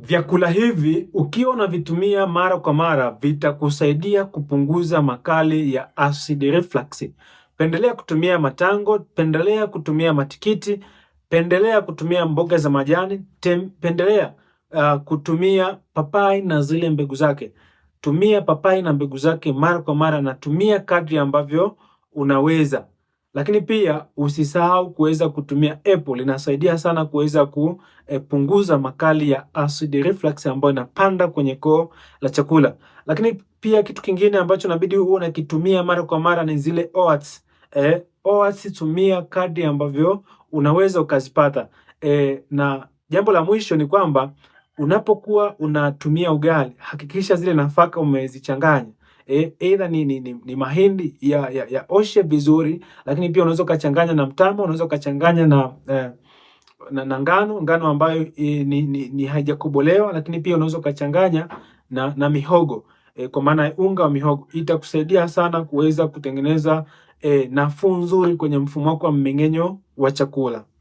Vyakula hivi ukiwa unavitumia mara kwa mara vitakusaidia kupunguza makali ya acid reflux. Pendelea kutumia matango, pendelea kutumia matikiti, pendelea kutumia mboga za majani, tem, pendelea uh, kutumia papai na zile mbegu zake. Tumia papai na mbegu zake mara kwa mara na tumia kadri ambavyo unaweza. Lakini pia usisahau kuweza kutumia apple, inasaidia sana kuweza kupunguza eh, makali ya acid reflux ambayo inapanda kwenye koo la chakula. Lakini pia kitu kingine ambacho inabidi huwa unakitumia mara kwa mara ni zile oats. Eh, oats tumia kadri ambavyo unaweza ukazipata. Eh, na jambo la mwisho ni kwamba unapokuwa unatumia ugali hakikisha zile nafaka umezichanganya aidha e, ni, ni, ni, ni mahindi ya, ya, ya oshe vizuri, lakini pia unaweza ukachanganya na mtama, unaweza ukachanganya na eh, na, na ngano ngano ambayo e, ni, ni, ni haijakobolewa, lakini pia unaweza ukachanganya na, na mihogo e, kwa maana unga wa mihogo itakusaidia sana kuweza kutengeneza e, nafuu nzuri kwenye mfumo wako wa mmeng'enyo wa chakula.